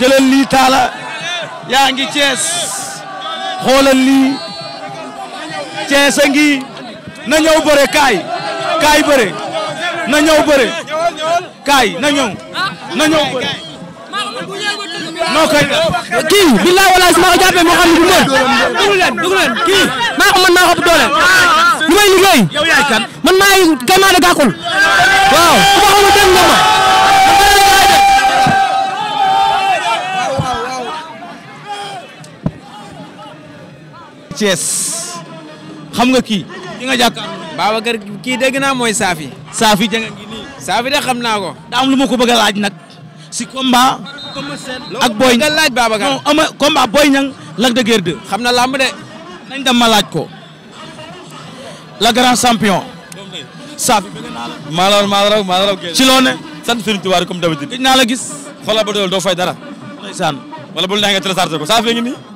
jëlal lii taala yaa ngi Cees xoolal lii Cees a ngi na ñëw bëre kaay kaay bëre na ñëw bëre kaay na ñëw na ñëw bëre noo koy kii billaay walaay su ma ko moo xam ne du mën dugg leen dugg leen kii maa ko mën maa ko doole li may liggéey man maay kan maa de gàkkul waaw ma xamul dégg nga Thiès xam nga kii ki nga jàkkaarloo. Babacar kii dégg naa mooy Safi. Safi jàng ngi nii. de xam naa ko. daa lu ma ko bëgg a laaj nag. si combat. ak Boy Niang laaj Babacar. non ama combat Boy Niang Lac de xam na làmb de. nañ dem ma laaj ko. la grand champion. Safi ci loo ne. sant Serigne Touba comme naa la gis. xoolal ba doyul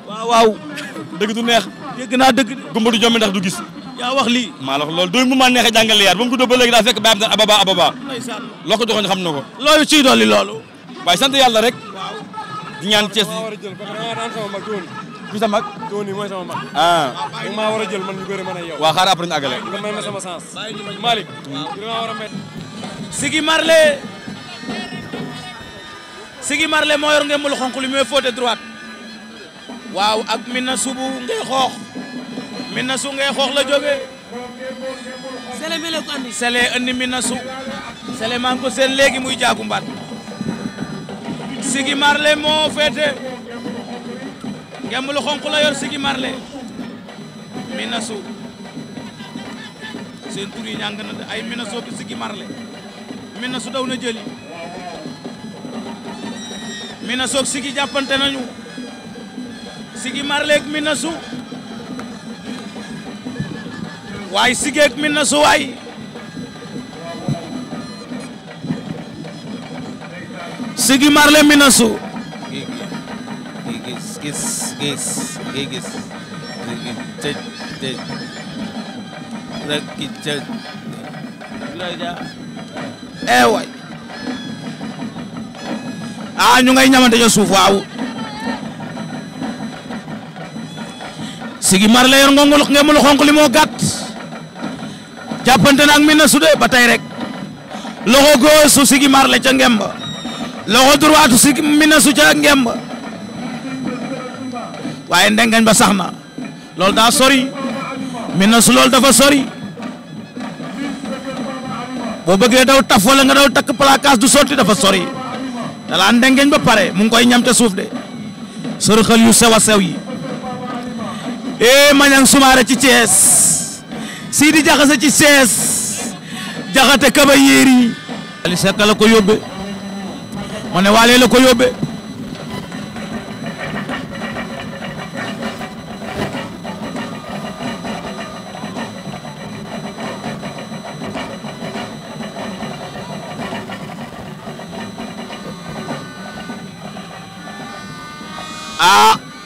waaw dégg naa dëgg gumba du jommi ndax du gis yaa wax lii maa la wax loolu mu ma neexe jàngal yaar ba mu ko dóob ba léegi daa fekk ababa ababa loo ko joxoon xam na ko loolu ciy dolli loolu waaye sant yàlla rek di ñaan Cees ku sa mag Tony mooy sama mag ah maa a ma sama sens a met Sigi Marley moo yor ngeen mu lu xonq li mooy waaw ak Mina Subu ngay xoox Mina Su ngay la jógee. Sele mi la Su. Sele maa seen léegi muy jaagu mbaat. Sigi moo féete. ngemb xonq la yor Sigi Marley. Mina Su. seen tur yi na ay Mina Su bi Sigi Marley. Mina Su daw na jëli. Mina Su Sigi jàppante nañu. sigi marleeg mi na su waay sigeeg mi na su waay sigi marle mi su gis gis eh, ah, ngay ñamante ca suuf waaw sigi mar la yor ngongol ngemul xonq li moo gàtt jàppante na ak Mina Soudé ba tey rek loxo góor su mar la ca ngemba loxo droite sigi Mina Soudé ca ngemba waaye ndengañ ba sax na loolu daa sori Mina su loolu dafa sori boo bëggee daw taf wala nga daw takk placage du sotti dafa sori da laa ndengeñ ba pare mu ngi koy ñam te suuf de sërxal yu sew a sew yi ee Maniang Soumaré ci Thiès Sidi Diakhaté ci Thiès Diakhaté Kaba Yéri Ali Seck la ko yóbbe ma Waale la ko yóbbe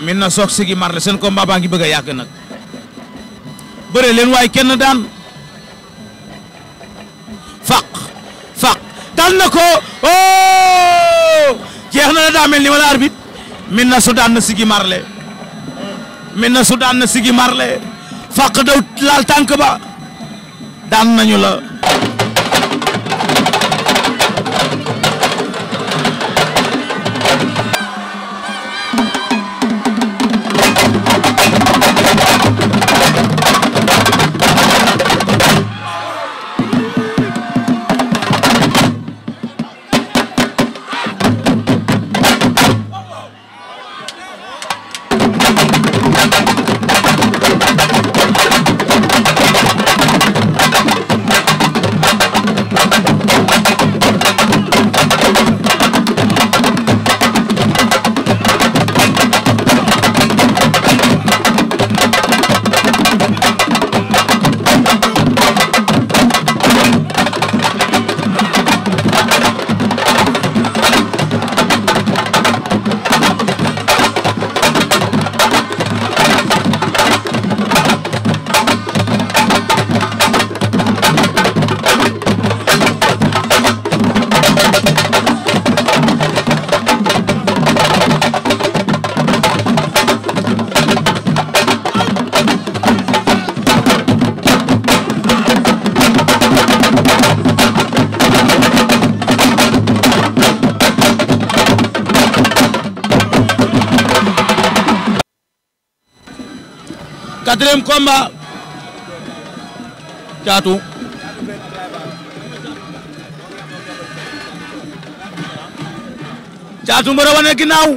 min na soog sigi marle seen combat baa ngi bëgg a yàgg nag bëre leen waaye kenn daan faq faq daan na ko oh! jeex na daa mel ni wala arbit na su daan na sigi marle min na su daan na sigi marle faq daw laal tànk ba daan nañu la jaatu combat caatu caatu mbër a wane ginnaaw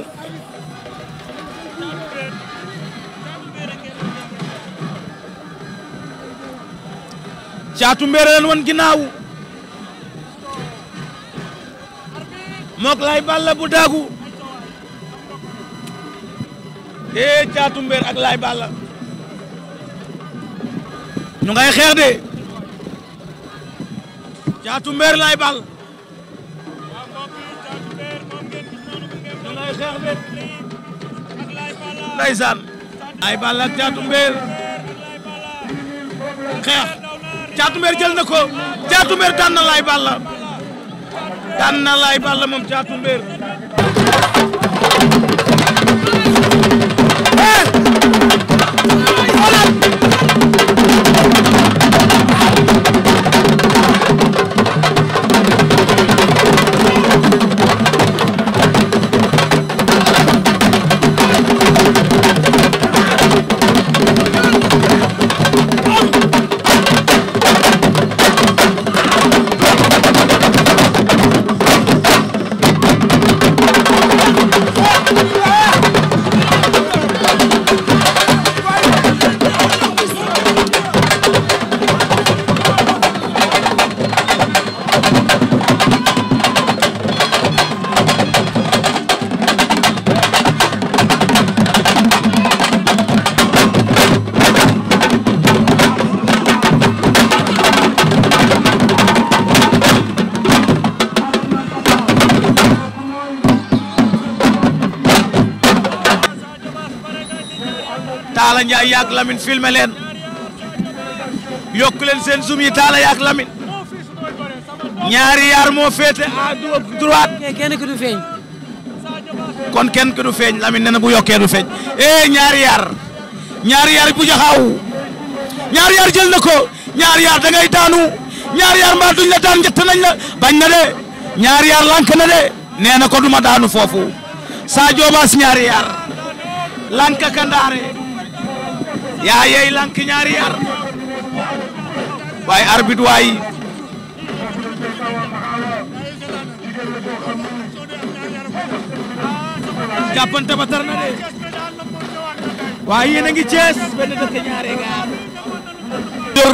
caatu lay balla bu daagu ee caatu mbër ak lay balla ñu ngay xeex de Caatu Mbeer lay bal ñu ngay xeex de jël na ko Caatu Mbeer daan na lay moom Caatu Mbeer eh Taala Njaay yaak Lamine filmer leen seen zoom yi Taala yaak Lamine ñaari yaar moo féete à droite kenn ku du feeñ kon kenn du feeñ Lamine nee bu yokkee du feeñ eh ñaari yaar ñaari yaar bu jaxaaw ñaari yaar jël ko ñaari yaar da ngay daanu ñaari yaar mbaa duñ la daan njëtt nañ la bañ na de ñaari yaar lànk de nee ko duma daanu foofu Sadio Bass ñaari yaar lànk kandaare yaa yey lank ñaari yar waaye arbitre waay jàppante ba tar na de waaye yéen a ngi Cees benn dëkk ñaari gaar yor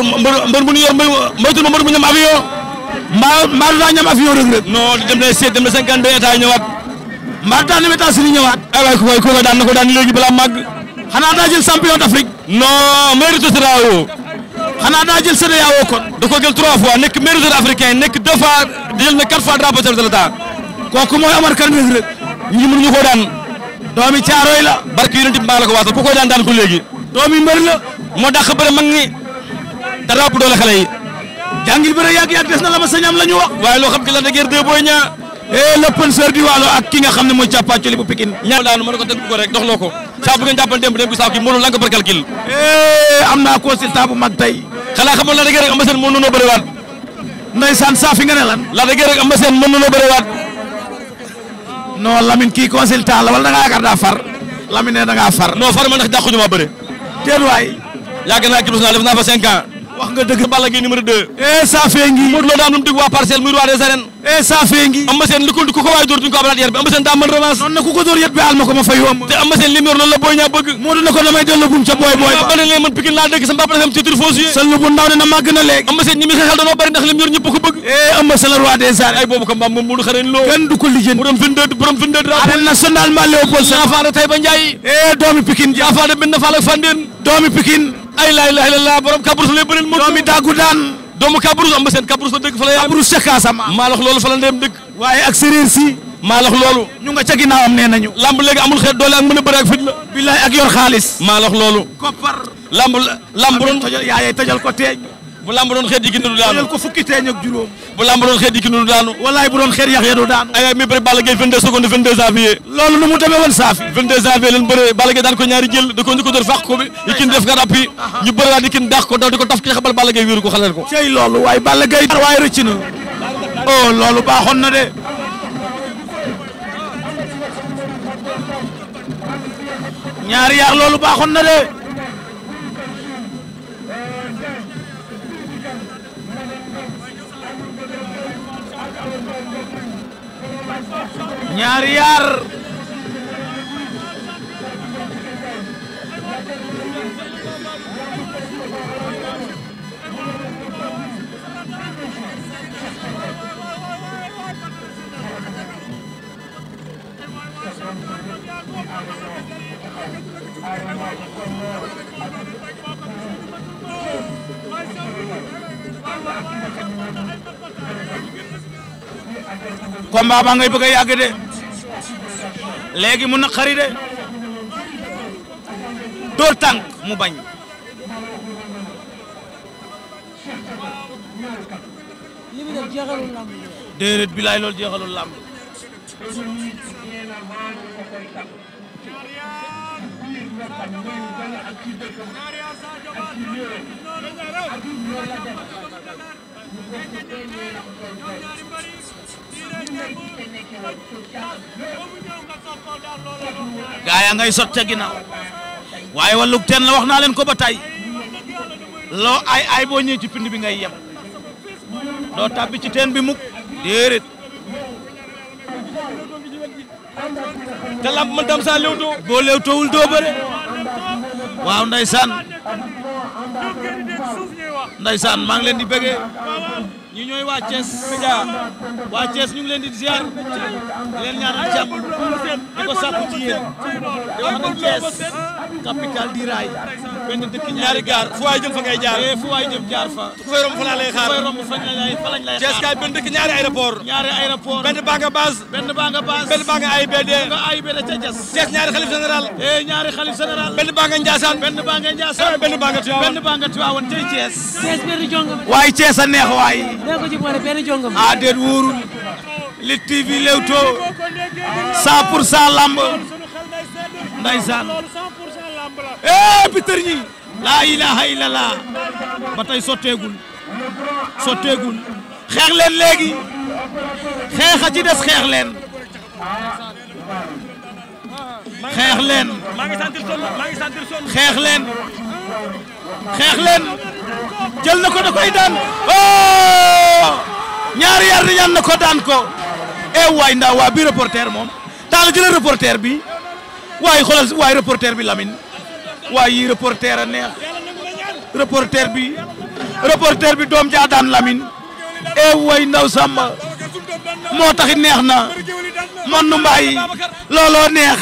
mbër bu ñu yor moytu ma mbër bu ñam avion mbaa mbaa du daa ñam avion rek rek non dem na seet dem na cinquante deux état ñëwaat mbaa daan na état si ñëwaat ay waay ku koy daan na ko daan léegi balaa màgg xanaa daa jël champion d'Afrique. non mérite CEDEAO. xanaa daa jël CEDEAO kon. da ko jël trois fois nekk mérite africain nekk deux fois jël na quatre fois drapeau chef de l'État. kooku mooy Omar Kane rek ñi mënuñu koo daan. doomi Caaroy la. barke yonent bi maa la ko waasal ko ko daan daan ko léegi. doomi mbër la. moo dax bëre mag ñi dara ëpp doole xale yi. jàngil bëre yàgg yàgg des na la ma sañam la ñu wax. waaye loo xam ki la da guerre de booy ñaa. et eh, le penseur waalo ak ki xam ne mooy càppaacoli bu Pikine. ñaar daanu ma ne ko teg ko rek doxloo ko saa bu ngeen jàppal démb démb saa kii mënul lank par calcul. am naa consultant bu mag tey. xanaa xamoon la da ngeen rek am na seen mënuñoo bëriwaat. ndeysaan saa fi nga lan. la da ngeen rek am na seen mënuñoo bëriwaat. non Lamine kii consultant la wala da ngaa yaakaar daa far. Lamine ne da ngaa far. non far ma ndax dàqu ñu ma bëre. teel waay. yàgg naa kii bis naa def naa fa 5 ans. wax nga dëgg Balla Gaye numéro 2 eh ngi Modou Lo daa am lu mu dugg muy roi des arènes eh saafee ngi Eumeu Sène li ko ko waay dóor duñ ko abalaat yet bi Eumeu Sène daa mën revanche ko ko ma fay yomb te Eumeu la booy ñaa bëgg Modou na ko damay delloo buum ca booy booy bëgg eh Eumeu Sène roi des ay boobu ko mbaam moom Modou xarañ loo kenn du ko lijjanti borom 22 borom ma Léopold Sédar Faara Taïba Ndiaye eh doomi Pikine Faara bin na Fall ak Fandène ay laa ilaaha illallaah borom kabrus lay bëreel moom doomi daagu daan doomu kabrus am ba seen kabrus la dëkk fa la yaay kabrus ca Casamance maa lax loolu fa la ndem dëkk waaye ak séréer si maa lax loolu ñu nga ca ginnaawam nee nañu amul doole ak mën a bëre ak fit la ak yor xaalis maa lax loolu koppar lamb tajal ko teeñ bu lamb doon xeet yi ki nunu daanu ko fukki teeñ ak juróom bu lamb doon xeet yi ki nunu daanu walaay bu doon xeet yax ya du daanu ay mi bëri Balla Gaye 22 secondes 22 janvier loolu nu mu demee woon saafi 22 janvier leen bëree Balla Gaye daan ko ñaari jël da ko ñu ko dóor fàq ko bi Yékini def nga rappi ñu bëri waat Yékini dàq ko daw di ko taf ki xabal Balla Gaye wéeru ko xalal ko cey loolu waaye Balla Gaye waaye rëcc na oh loolu baaxoon na de ñaari yar loolu baaxoon na de ñaari yaar combat ba ngay bëgg a yàgg mu naqari de dóor tànk mu bañ déedéet bilaay loolu jeexalul làmb gaa yaa ngay ca ginnaaw waaye walluk teen la wax naa leen ko ba tey loo ay ay boo ñëwee ci pind bi ngay yem doo tàbbi ci teen bi mukk déedéet te lamb man dam saa léwtoo boo léwtoowul doo bëre waaw ndeysaan ndeysaan maa ngi leen di bëggee ñi ñooy waa Thiès Média waa Thiès ñu ngi leen di ziar di leen ñaanal jàmm di ko sàkku ci yéen di wax ne Thiès capital di raay benn dëkk ñaari gaar fu waay jëm fa ngay jaar eh, fu waay jëm jaar fa ku fay romb fa laa lay xaar ku fay romb fa lay fa lañ lay xaar Thiès kaay benn dëkk ñaari aéroport ñaari aéroport benn baa nga base benn baa nga base benn baa nga AIBD nga AIBD ca Thiès Thiès ñaari xalif général eh ñaari xalif général benn baa nga Ndiassane benn baa nga Ndiassane benn baa nga Tivaouane benn baa nga Tivaouane tey Thiès Thiès benn jong waay Thiès a neex waay danga ko ci boole benn jongam. ah déet wóorul. li TV Leewtoo 100 pour 100 lamb. Ndeysaan. eh Peter ñi. laa ilaha illallah. ba sotteegul. sotteegul. xeex leen léegi. xeex a ci des xeex leen. xeex leen. xeex leen jël na ko da koy daan oh ñaari yar yan na ko daan ko eh waay ndaa waa bi reporter moom taal jëlee reporter bi waay xoolal waay reporter bi Lamine waay yi reporter a neex reporter bi reporter bi doom jaa daan Lamine eh waay ndaw Samba moo taxit neex na man nu mbaay looloo neex.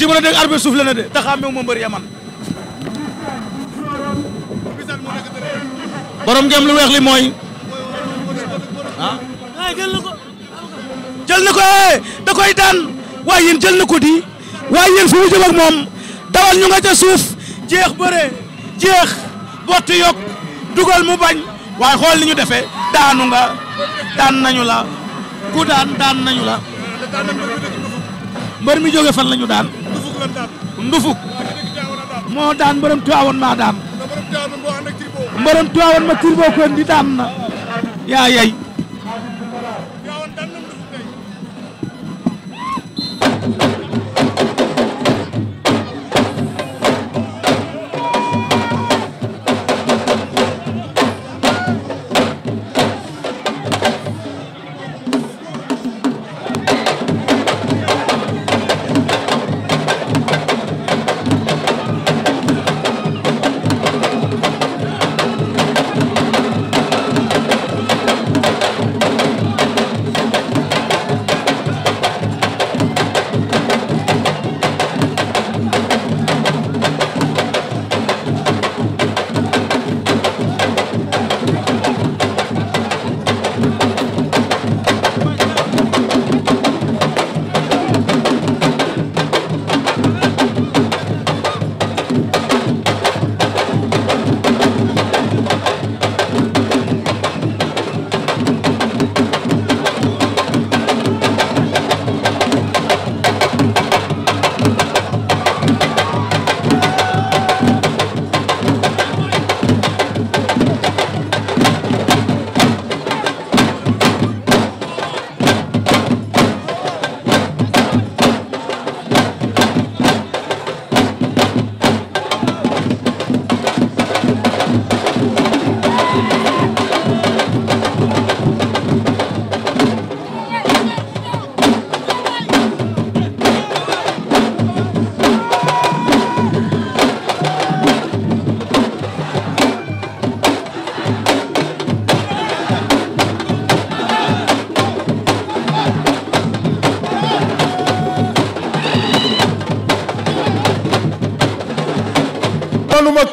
ci mën a dégg arbitre suuf la ne de taxaam meew ma mbër ya borom ngem lu weex mooy ah. jël na ko jël na ko eh, da koy daan waaye yéen jël na ko di waaye yéen fu mu moom dawal ñu nga ca suuf jeex bëre jeex botti yokk dugal mu bañ waaye xool li ñu defee daanu nga daan nañu la ku daan daan nañu la mbër mi jóge fan la ñu daan. ndufuk lan daan. ndufuk. moo daan mbërëm tuwaawoon maa daan. mbërëm tuwaawoon ma turbo ko daan na. yaa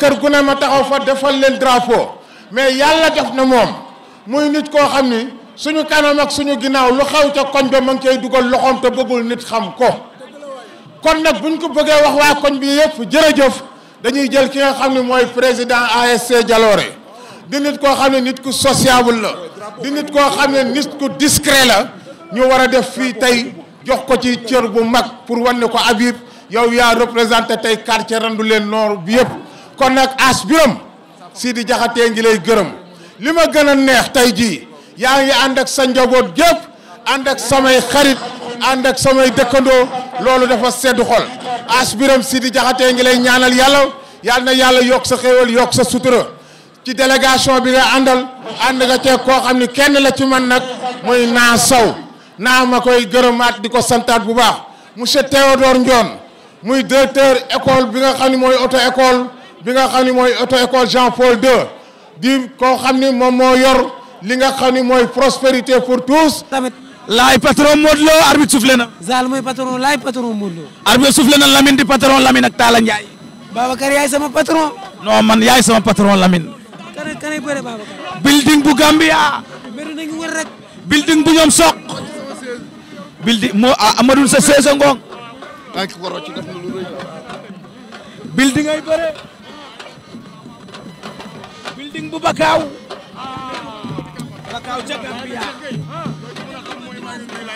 kër gu ne ma taxaw fa defal leen drapeau mais yàlla def na moom muy nit koo xam ni suñu kanam ak suñu ginnaaw lu xew ca koñ ba ma ngi koy dugal loxoom te bëggul nit xam ko kon nag buñ ko bëggee wax waa koñ bi yëpp jëf dañuy jël ki nga xam ne mooy président ASC Jaloore di nit koo xam ne nit ku sociable la di nit koo xam ne nit ku discret la ñu war a def fii tey jox ko ci cër bu mag pour wan ne ko Habib yow yaa représenté tey quartier Randoulène Nord bi yëpp kon nag as biram Sidi Jaxate ngi lay gërëm li ma gën a neex tey jii yaa ngi ànd ak sa njaboot gépp ànd ak samay xarit ànd ak samay dëkkandoo loolu dafa seddu xol as biram di Jaxate ngi lay ñaanal yàlla yàlla na yàlla yokk sa xéwal yokk sa sutura ci délégation bi nga àndal ànd nga ceeg koo xam ni kenn la ci man nag mooy naa saw naa ma koy gërëmaat di ko santaat bu baax monsieur Théodore Ndione muy directeur école bi nga xam ne mooy auto école bi nga xam ni mooy auto xam ni moom moo yor li nga xam ni mooy prospérité pour tous. tamit laay patron Modou Lo arbitre soufflé na. Zal mooy patron laay patron Modou Lo. arbitre soufflé na Lamine di patron Lamine ak Talla Ndiaye. Babacar sama patron. non man yaay sama patron Lamine. kan kan ay bëre Babacar. building bu Gambia. bëri nañu wër rek. building bu ñoom soq. building moo ah, Amadou sa saison ngong. building ay bëre. meeting bu Bakaaw.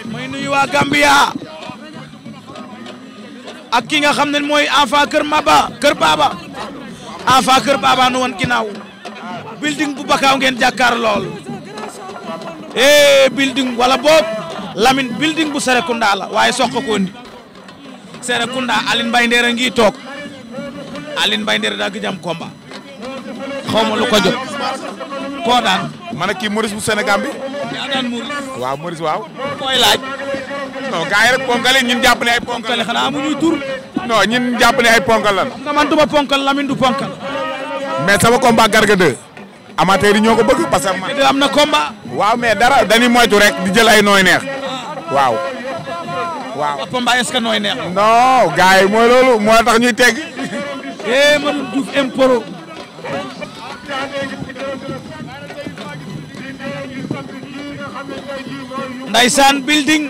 may nuyu waa Gambia. ak ki nga xam ne mooy enfant kër Maba kër Baba. enfant kër Baba nu woon ginnaaw. building bu Bakaaw ngeen jàkkaar lool. eh building wala boob Lamine building bu Serekunda la waaye sox ko woon. Serekunda Aline Mbaye Nder a ngi toog Aline Mbaye daa gëj am xaw ma lu ko jot koo daan. ma ne kii Maurice bu Sénégal bi. yaa daan Maurice. waaw Maurice waaw. koy laaj. non gars yi rek ponkal yi ñun jàpp ne ay ponkal la xanaa amuñuy tur. non ñun jàpp ne ñoo ko bëgg parce que. am na waaw mais dara dañuy moytu rek di jël ay ah. waaw. waaw combat est-ce que nooy neex. non gars yi mooy loolu ndaysaan building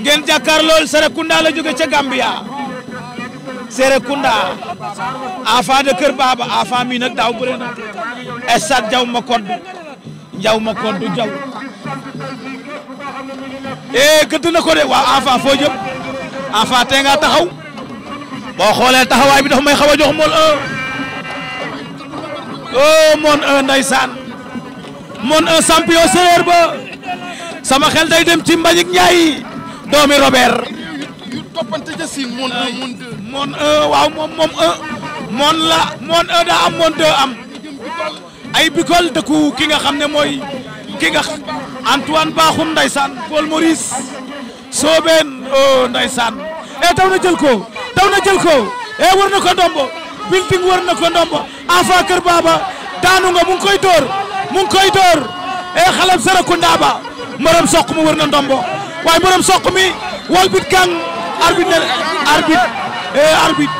ngeen jàkkaar lool Serekunda la jóge ca Gambia Serekunda Afa de Kër Baba Afa mi nag daaw bëre na Estade Jaw ma koddu Jaw ma koddu Jaw eh gëdd na ko de waaw Afa foo jëm Afa tee nga taxaw boo xoolee taxawaay bi dafa may xaw a jox mool 1 moon 1 ndaysaan moon 1 champion séeréer ba sama xel day dem ci Mbagnick Ndiaye doomi Robert. moon waaw moom moom moon la moon daa am moon deux am ay Bicol dëkku ki nga xam ne mooy ki nga Antoine Bakhoum ndaysaan Paul Maurice Sobeen oh ndaysaan taw eh, na jël ko taw na jël ko e war na ko ndombo building war na ko ndombo afa kër baba daanu nga mu ngi koy door mu ngi koy door e eh, xalam Serekunda ba mbërëm soq mu wër na ndombo waaye mbërëm soq mi wal bit gang arbitre ne arbitre eh arbitre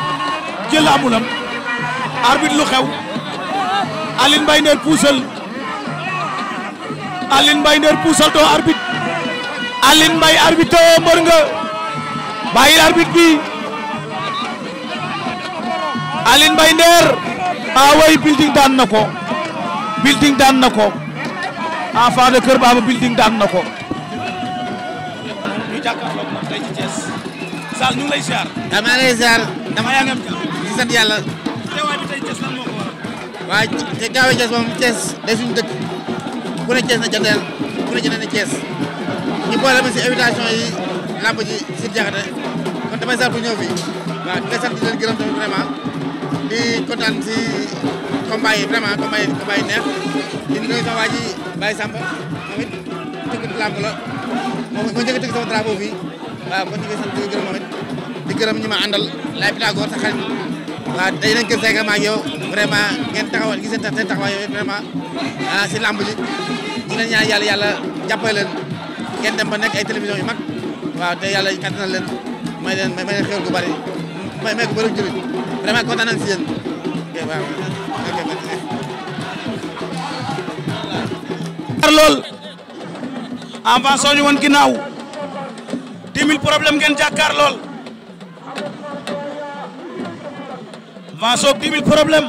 jël amulam arbitre lu xew Aline Mbaye Nder puusal Aline Mbaye doo arbitre Aline Mbaye arbitre too eh, mbër nga bàyyil arbitre bi Aline Mbaye Nder ah way building daan na ko building daan na ko Afa de Kër Baba building daan na ko. ñu jàkkaarloog man tey ci Thiès. Sall ñu ngi lay ziar. dama lay ziar. dama yaa ngi am sant yàlla. teewaay bi tey Thiès lan moo ko waral. day suñu dëkk. ku ne Thiès na jëndeel ku ne jëndee na Thiès. ñu boole ma si invitation yi làmb ji si jaxate kon damay sant bu ñëw fii. waaw di sant di leen gërëm vraiment. di kontaan si combat vraiment combat neex. di nuyu sa waa Baye exemple moom it tëgg làmb la moom moo njëkk a tëgg sama drapeau fii waaw kon ñu ngi di gërëm moom it di gërëm ñi ma àndal laay Pythagore sa xarit waaw dañu leen gën seega ma ak yow vraiment ngeen taxawal gis seen taxawaay yow vraiment ah si làmb ji ñu leen ñaan yàlla yàlla jàppale leen dem ba nekk ay télévision yu mag waaw te yàlla kattanal leen may leen may leen xéwal gu bari may may ko bëri njëriñ vraiment kontaan nañ si tar lool Ama sooñu woon ginnaaw 10 000 problème ngeen jàkkaar lool Ama soog 10 000 problème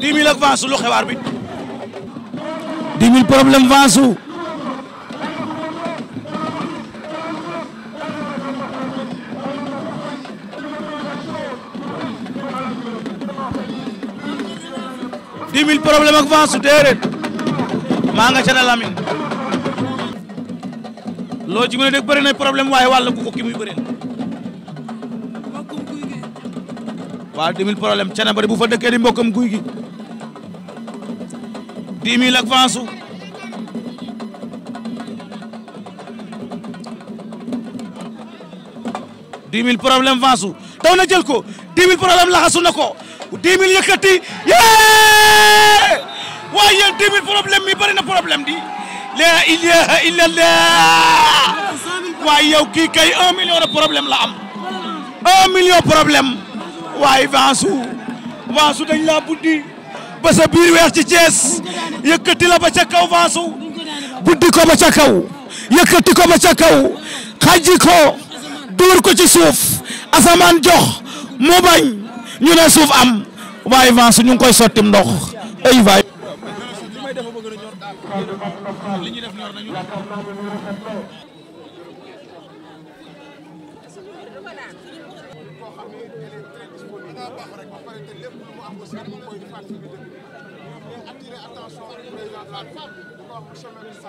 dix mille ak Vance lu xewaar bi dix mille problème dix mille problème ak Fass déedéet maa nga ca na Lamine loo ci mën a dégg bëri problème waaye wàll ku ko ki muy bëreel waaw dix mille problème ca na bu fa dëkkee di mbokkam guy gi dix mille ak Fass dix mille problème Fass daw na jël ko dix mille problème laxasu na ko dix mille yëkkati yee waaye yéen dix mi bari na di la ilaha illa waaye yow kii kay un million de problème la million problème waaye Vansu Vansu dañ laa buddi ba biir weex ci Thiès yëkkati ba ca kaw Vansu ba ca kaw ba ca kaw xajji ci suuf asamaan jox mu bañ ñu ne suuf am waaye Vance ñu ngi koy sottim ndox ay waay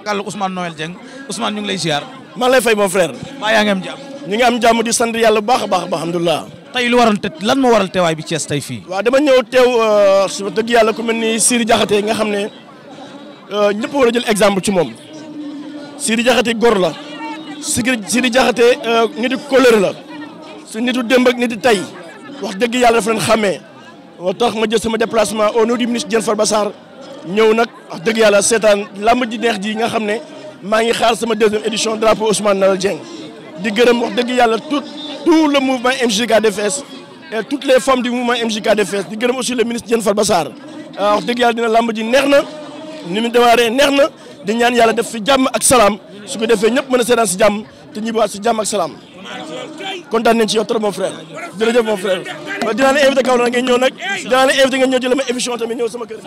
gàll Ousmane Noël Dieng Ousmane ñu ngi lay ziar. maa lay fay mon frère. maa yaa ngi am jàmm. ñu ngi am jàmm di sant yàlla bu baax a baax alhamdulilah. tey lu waral te lan moo waral teewaay bi Thiès tey fii. waaw dama ñëw teew euh, su dëgg yàlla ku mel ni Siri Diakhaté nga xam ne euh, ñëpp war a jël exemple ci moom Siri jaxate gor la Siri Diakhaté euh, nitu couleur la su nitu démb ak nitu tey wax dëgg yàlla dafa leen xàmmee moo tax ma jël sama déplacement au nom du ministre Diène Farba Sarr ñëw nag wax dëgg yàlla seetaan làmb ji neex ji nga xam ne maa ngi xaar sama deuxième édition drapeau Ousmane Nalal Dieng di gërëm wax dëgg yàlla tout. tout le mouvement MJKDFS et toutes les formes du mouvement MJKDFS di gërëm aussi le ministre Diène Farba Sarr euh, wax dëgg yàlla dina làmb ji neex na ni mu e neex na di ñaan yàlla def fi jàmm ak salaam su ko defee ñëpp mën a si jàmm te ñibbaat si jàmm ak salaam kontaan nañ ci yow trop mon frère jërëjëf mon frère dinaa la invité kaw na ñëw nag dinaa la invité nga ñëw jël ma émission tamit ñëw sama kër.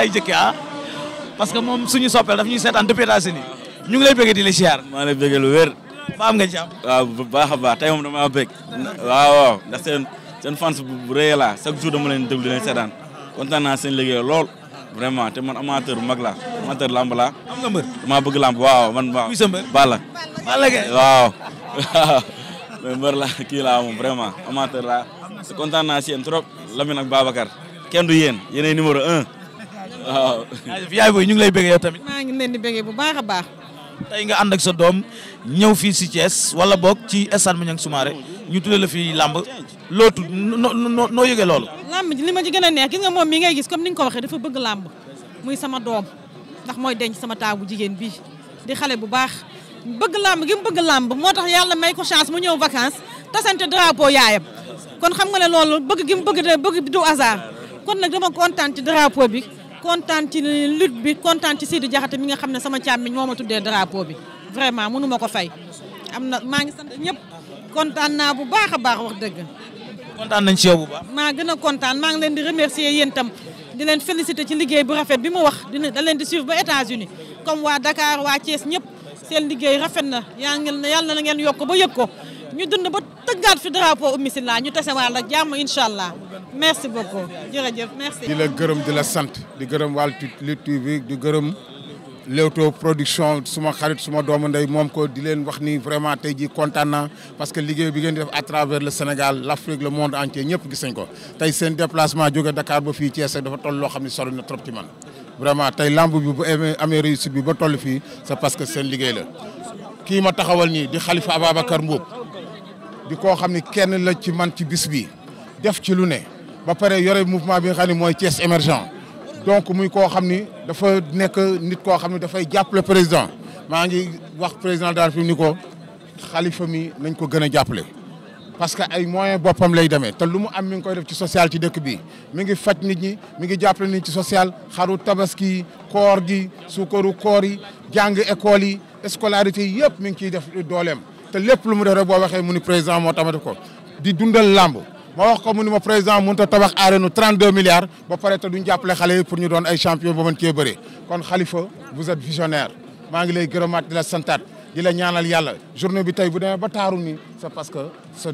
ay jëkk ah parce que moom suñu soppeel daf ñuy seetaan depuis ñu ngi lay bëgg la ziar. maa lay bëgg ba am nga ci am. waaw a baax tey moom damaa bëgg. waaw waaw ndax seen seen fans bu rëy laa chaque jour dama leen déglu leen seetaan kontaan naa seen lool. vraiment te man amateur bu mag laa amateur lamb laa. am nga mbër damaa bëgg lamb waaw man. waaw Balla. Balla Gaye waaw. la kii laa moom vraiment amateur la te kontaan naa trop Lamine ak Babacar kenn du yéen yéenay numéro un waaw. yaay booy ñu ngi lay bëggee yow a tey nga ànd ak sa doom ñëw fii si Thiès wala boog ci stade Maniang Soumaré ñu tuddee la fii làmb loo tudd noo noo noo yëgee loolu. làmb ji li ma ci gën a neex gis nga moom mi ngay gis comme ni nga ko waxee dafa bëgg làmb muy sama doom ndax mooy denc sama taabu jigéen bi di xale bu baax bëgg làmb gi bëgg làmb moo tax yàlla may ko chance mu ñëw vacances tasante drapeau yaayam kon xam nga ne loolu bëgg gi mu bëgg bëgg du hasard kon nag dama kontaan ci drapeau bi. kontaan ci lutte bi kontaan ci Sidi Diakhaté mi nga xam ne sama càmmiñ moo ma tuddee drapeau bi vraiment mënu ko fay am na maa ngi sant ñëpp kontaan naa bu baax a baax wax dëgg. kontaan nañ ci yow maa gën a kontaan maa ngi leen di remercier yéen di leen féliciter ci liggéey bu rafet bi mu wax dina da leen di suivre ba États-Unis comme waa dakaar waa Thiès ñëpp seen liggéey rafet na yaa ngeen yàlla na ngeen yokk ba yëg ko. ñu dund ba tëggaat fi drapeau Oumy Sylla ñu tasewaal ak jàmm incha allah merci beaucoup jërëjëf di la gërëm di la sant di gërëm walti Lutte TV di gërëm Leewtoo production suma xarit suma doomu ndey moom ko di leen wax ni vraiment tey jii kontaan naa parce que liggéey bi ngeen di def à travers le Sénégal l' Afrique le monde entier ñëpp gis nañ ko tey seen déplacement jóge Dakar ba fii Thiès dafa toll loo xam ni sori na trop ci man. vraiment tey lamb bi bu amee réussite bi ba toll fii est parce que seen liggéey la kii ma taxawal nii di Khalifa Ababacar Mboup di koo xam ni kenn la ci man ci bis bi def ci lu ne ba pare yore mouvement bi nga xam ne mooy Thiès émergent donc muy koo xam ni dafa nekk nit koo xam ne dafay jàppale président maa ngi wax président daal fi ni ko xalifa mi nañ ko gën a jàppale. parce que ay moyens boppam lay demee te lu mu am mi ngi koy def ci social ci dëkk bi mi ngi faj nit ñi mi ngi jàppale nit ci social xaru tabaski koor gi suukaru koor yi jàng école yi scolarité yëpp mi ngi ciy def dooleem. te lépp lu mu def rek boo waxee mu ni président moo tamati ko di dundal làmb ma wax ko mu ni ma président mënut a tabax arène 32 milliards ba pare te duñ jàppale xale yi pour ñu doon ay champion ba mën cee kon Khalifa vous êtes visionnaire maa ngi lay gërëmaat di la santaat di la ñaanal yàlla journée bi tey bu demee ba taaru ni c'est parce que sa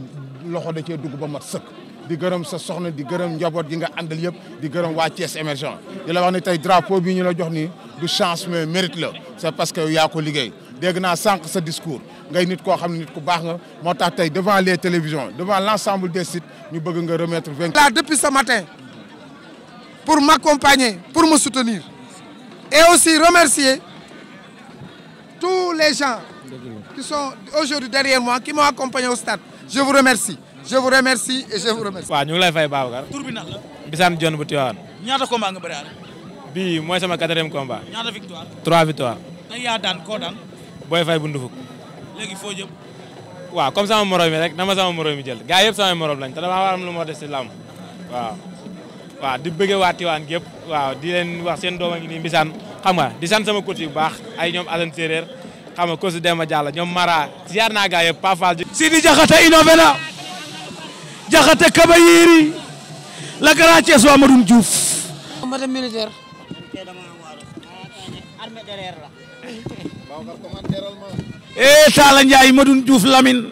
loxo da cee dugg ba mat sëkk di gërëm sa soxna di gërëm njaboot gi nga àndal yëpp di gërëm waa Thiès émergent di la ne tey drapeau bi ñu la jox nii du chance mais mérite la c'est parce que yow liggéey dégg naa sànq sa discours ngay nit koo xam ne nit ku baax nga moo tax tey devant les télévisions devant l' ensemble des sites ñu bëgg nga remettre vingt là depuis ce matin pour m'accompagner pour me soutenir et aussi remercier tous les gens qui sont aujourd'hui derrière moi qui m'ont accompagné au stade je vous remercie je vous remercie et je vous remercie. waaw ñu ngi lay fay Babacar. tur bi nag la. Bisane Dione bu Tivaouane. ñaata combat nga bëri àll. sama quatrième combat. ñaata victoire. trois victoire. na yaa daan koo daan. léegi foo jëm. waaw comme sama morom yi rek dama sama morom yi jël gars yëpp sama morom lañ te am lu ma def si di bëggee waa Tiwaan gépp waaw di leen wax seen doom a ngi nii mbisaan xam nga yu baax ay ñoom Alan Séréer xam nga coach Demba Diallo Mara ziar naa gars Paa Fall. Sidi Diakhaté innové na Diakhaté Kaba la grand Thiès waa Madoum Diouf. madame eh Talla Ndiaye Madoune Diouf Lamine.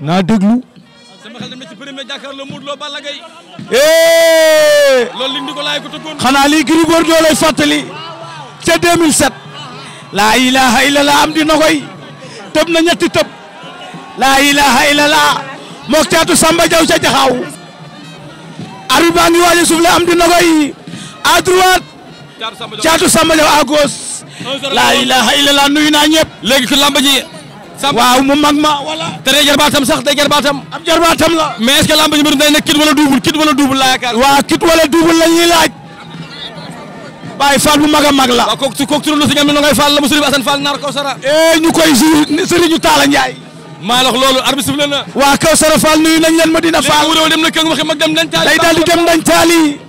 naa déglu. sama xel dem na ci premier jàkkaarloo Modou Lo eh! lii Gris Bordeaux lay fàttali. ca 2007. laa ilaha illallah am di nogoy. tëb na ñetti tëb. laa ilaha illallah. moog caatu Samba Diaw ca Jaxaaw. Arbi baa ngi am di nogoy à caatu Samba Diaw à gauche. laa ilaha illallah nuyu naa ñëpp. léegi ku lamba ji. waaw mu mag ma wala. te jarbaatam sax day jarbaatam. ab jarbaatam la. mais est-ce que lamba ji mbirum day nekk kit wala kit wala duubul kit wala duubul la ñuy laaj. Baye Fall bu mag a mag la. waaw kooku kooku turam na si ñoom ñoom ngay Fall la mu Serigne Assane Fall nar Kawsara. Eh, ñu koy si Serigne Talla Ndiaye. maa lox loolu waa Kawsara Fall nuyu nañ leen Madina Fall. léegi ma dem dañ taali. day daal di dem dañ taali.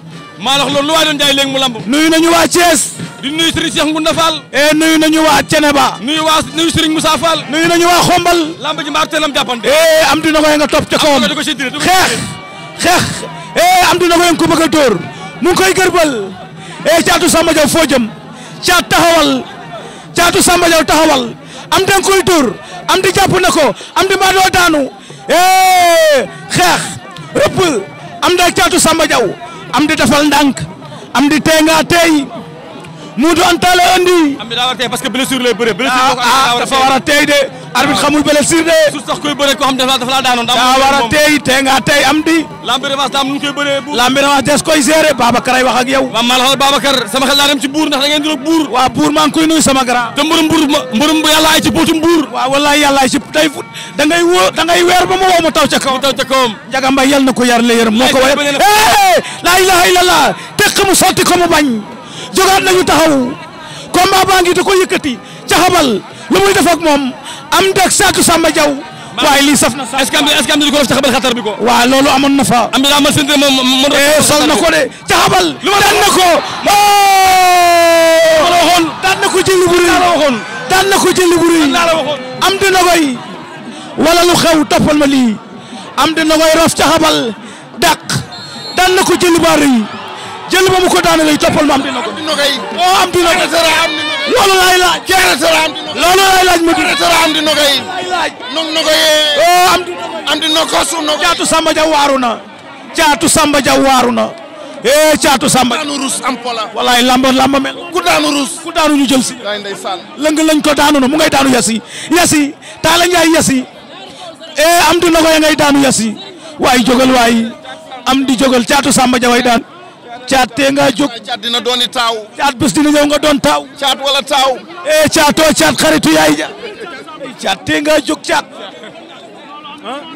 maa lax loolu lu waay doon jaay léegi mu lamb nuyu nañu waa Thiès di nuyu Serigne Cheikh Ngounda Fall e nuyu nañu waa Ceneba nuyu waa nuyu Serigne Moussa Fall nuyu nañu waa xombal lamb ji mbaar teelam jàppante e am dina koy nga topp ca xeex xeex e, am dina koy nga ko bëgg a dóor mu ngi koy gërbal e caatu Samba Diaw foo jëm caat taxawal caatu Samba Diaw taxawal am dang koy dóor am di jàpp na ko am di mbaa daanu e xeex rëpp am da caatu Samba am di defal ndànk am di teengaa teey Modou Anta la andi. am na daa a tey parce que blessure lay ah, ah, dafa war a tey de. arbitre xamul blessure de. daa war a tey tey am di. lambi revanche des koy gérer Babacar ay wax ak yow. waaw maa xel laa dem ci buur buur. buur buur ma ci pootum buur. waaw weer ba mu woo mu taw ca kawam. mu taw ca na ko yar la yërëm moo ko waye. la ilaha illallah tekk mu sotti ko mu bañ jogaat nañu taxaw combat baa ngi da ko yëkkati ca xabal lu muy def ak moom am deg saatu Samba Diaw waaye lii saf na est-ce que am amoon na fa am daa ma sente ko de ca xabal daan na ko oh! la waxoon daan na ko jëli bu rëy la waxoon daan na ko jëli bu rëy am ma lii am di nogoy rof ca xabal dàq daan na ko jëli ba jël ba mu ko daane lay toppal ma am dina oh, loolu laay laaj. loolu laay laaj ma ko. Oh, eh, daanu rus am pola. walaay lamba lamba daanu rus. ku daanu ñu jël si. lëng lañ ko daanu yasi yasi Talla yasi. eh am dina ko ya daanu yasi. waay jógal waay am di jógal caatu Samba Dia way daan. caat tee ngaa jóg caat dina dooni taaw caat bés dina ñëw nga doon taaw caat wala taaw ee eh, caatoo caat xaritu yaay ja caat tee ngaa jóg caat